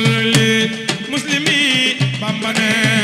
li muslimi bamba ne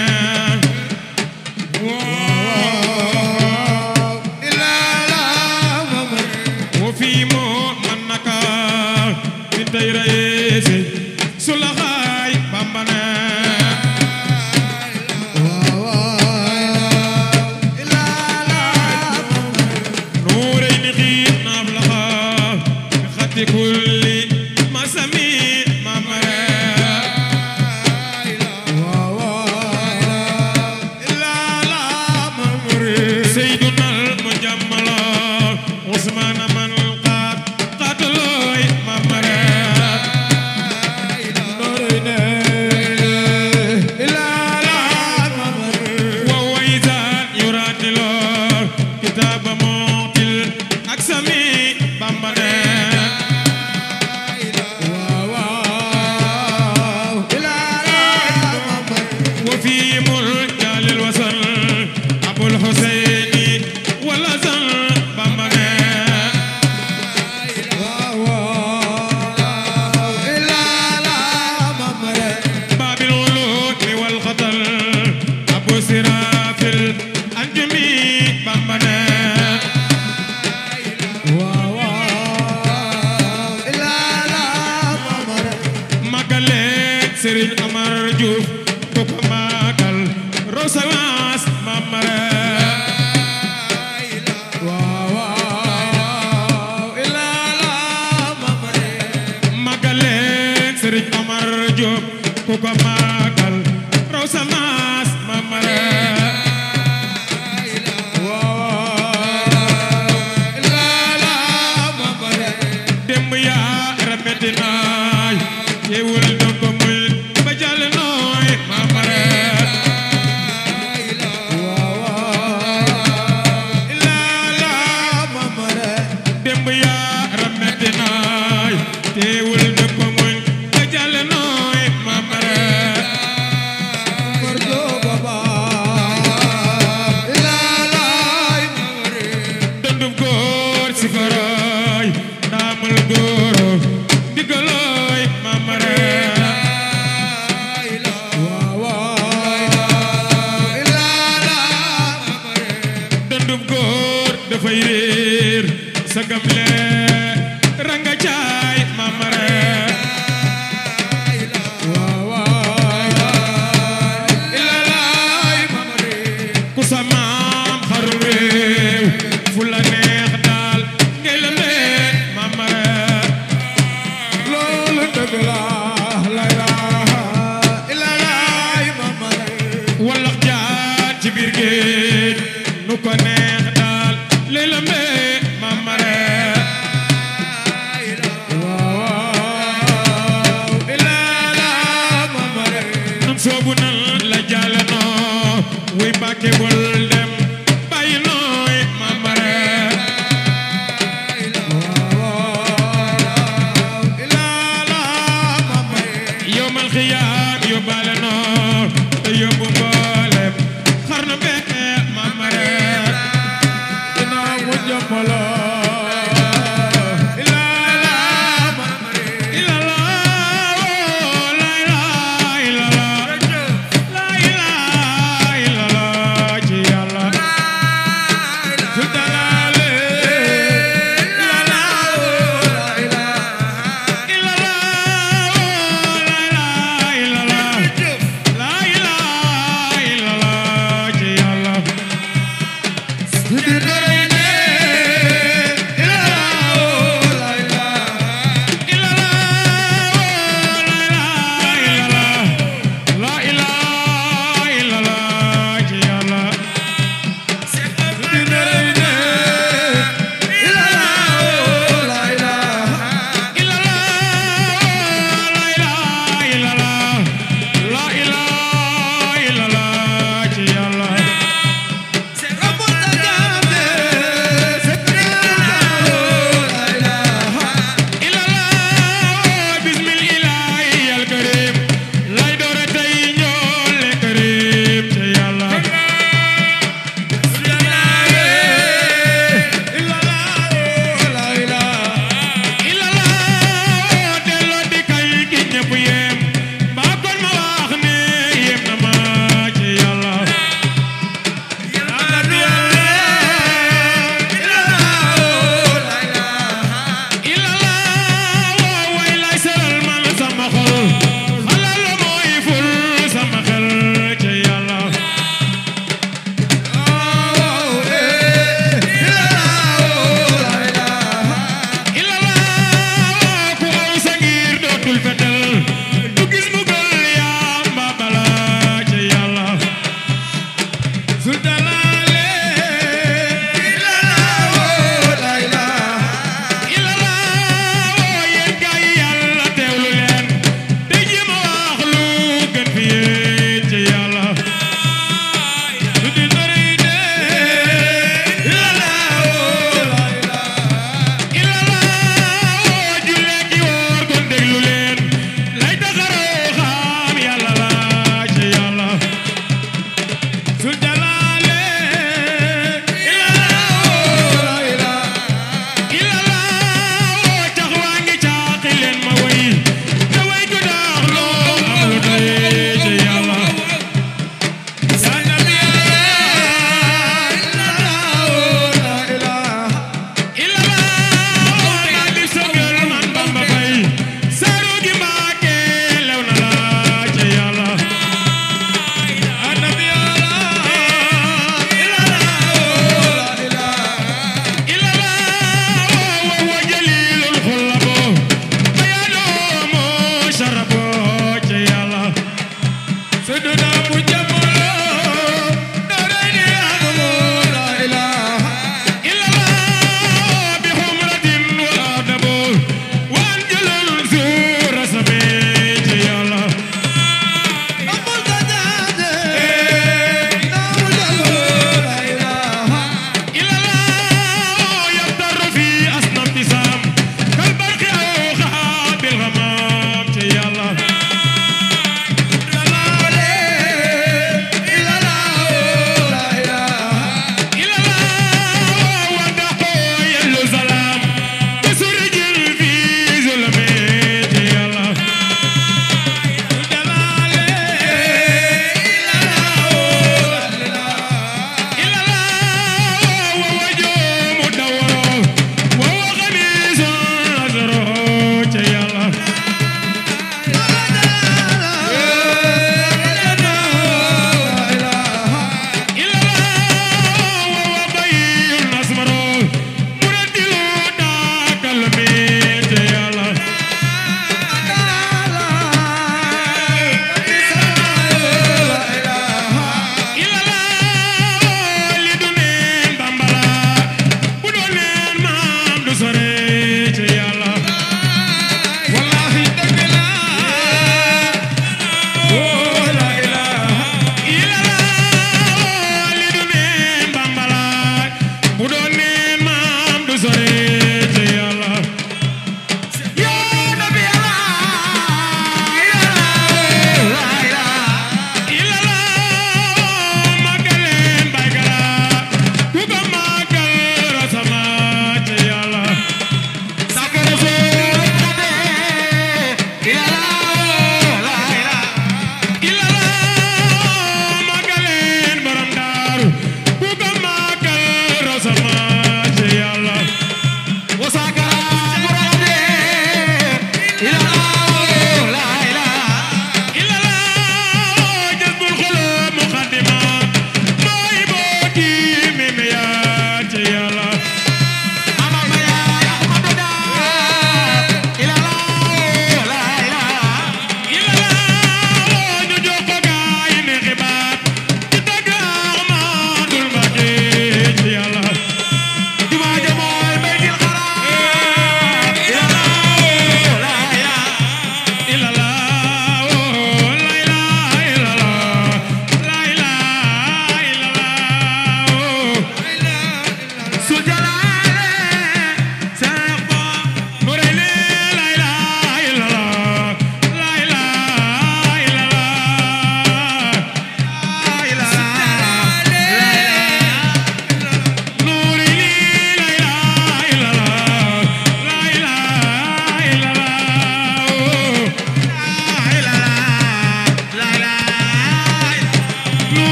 So do with you.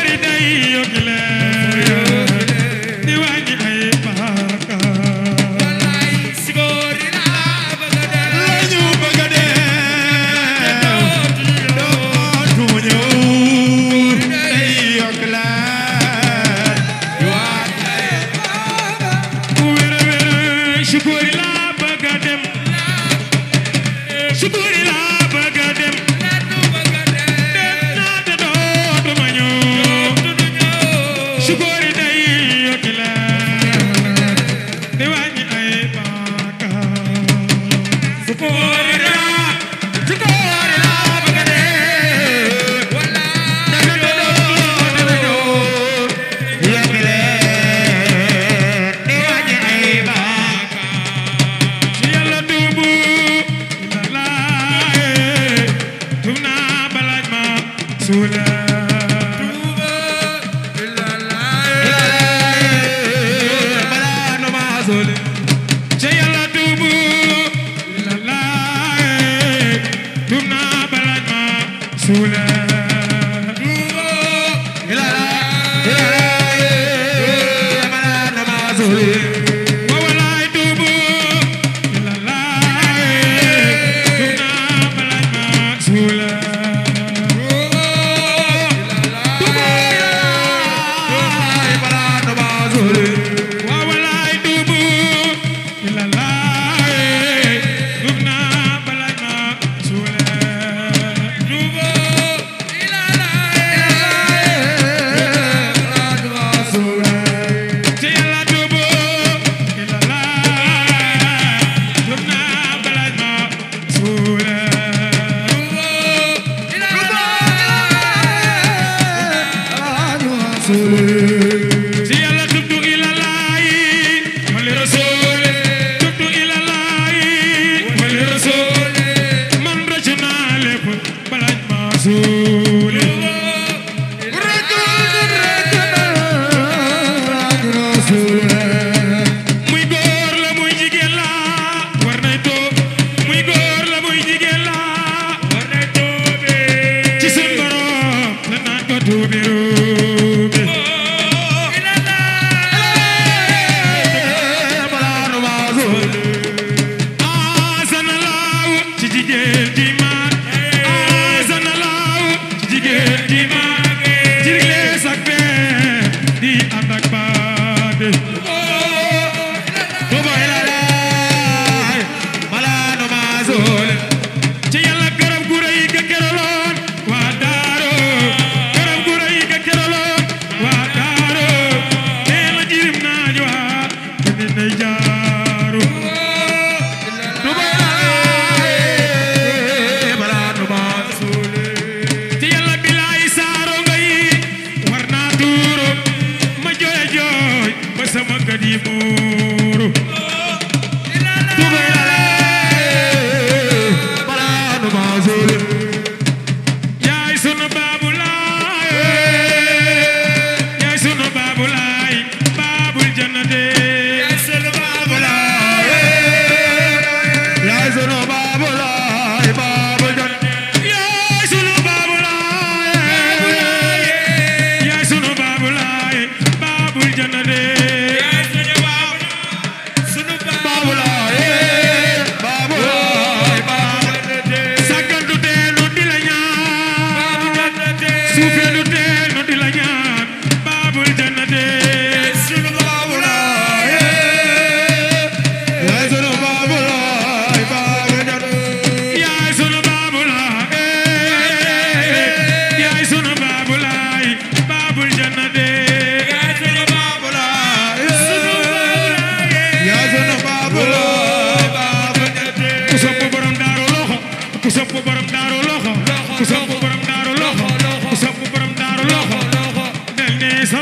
Florida y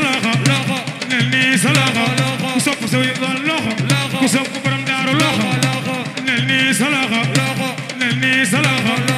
salaxa nelni salaxa ku sopp sa yoon loxo ku sopp borom daaru loxo nelni salaxa nelni salaxa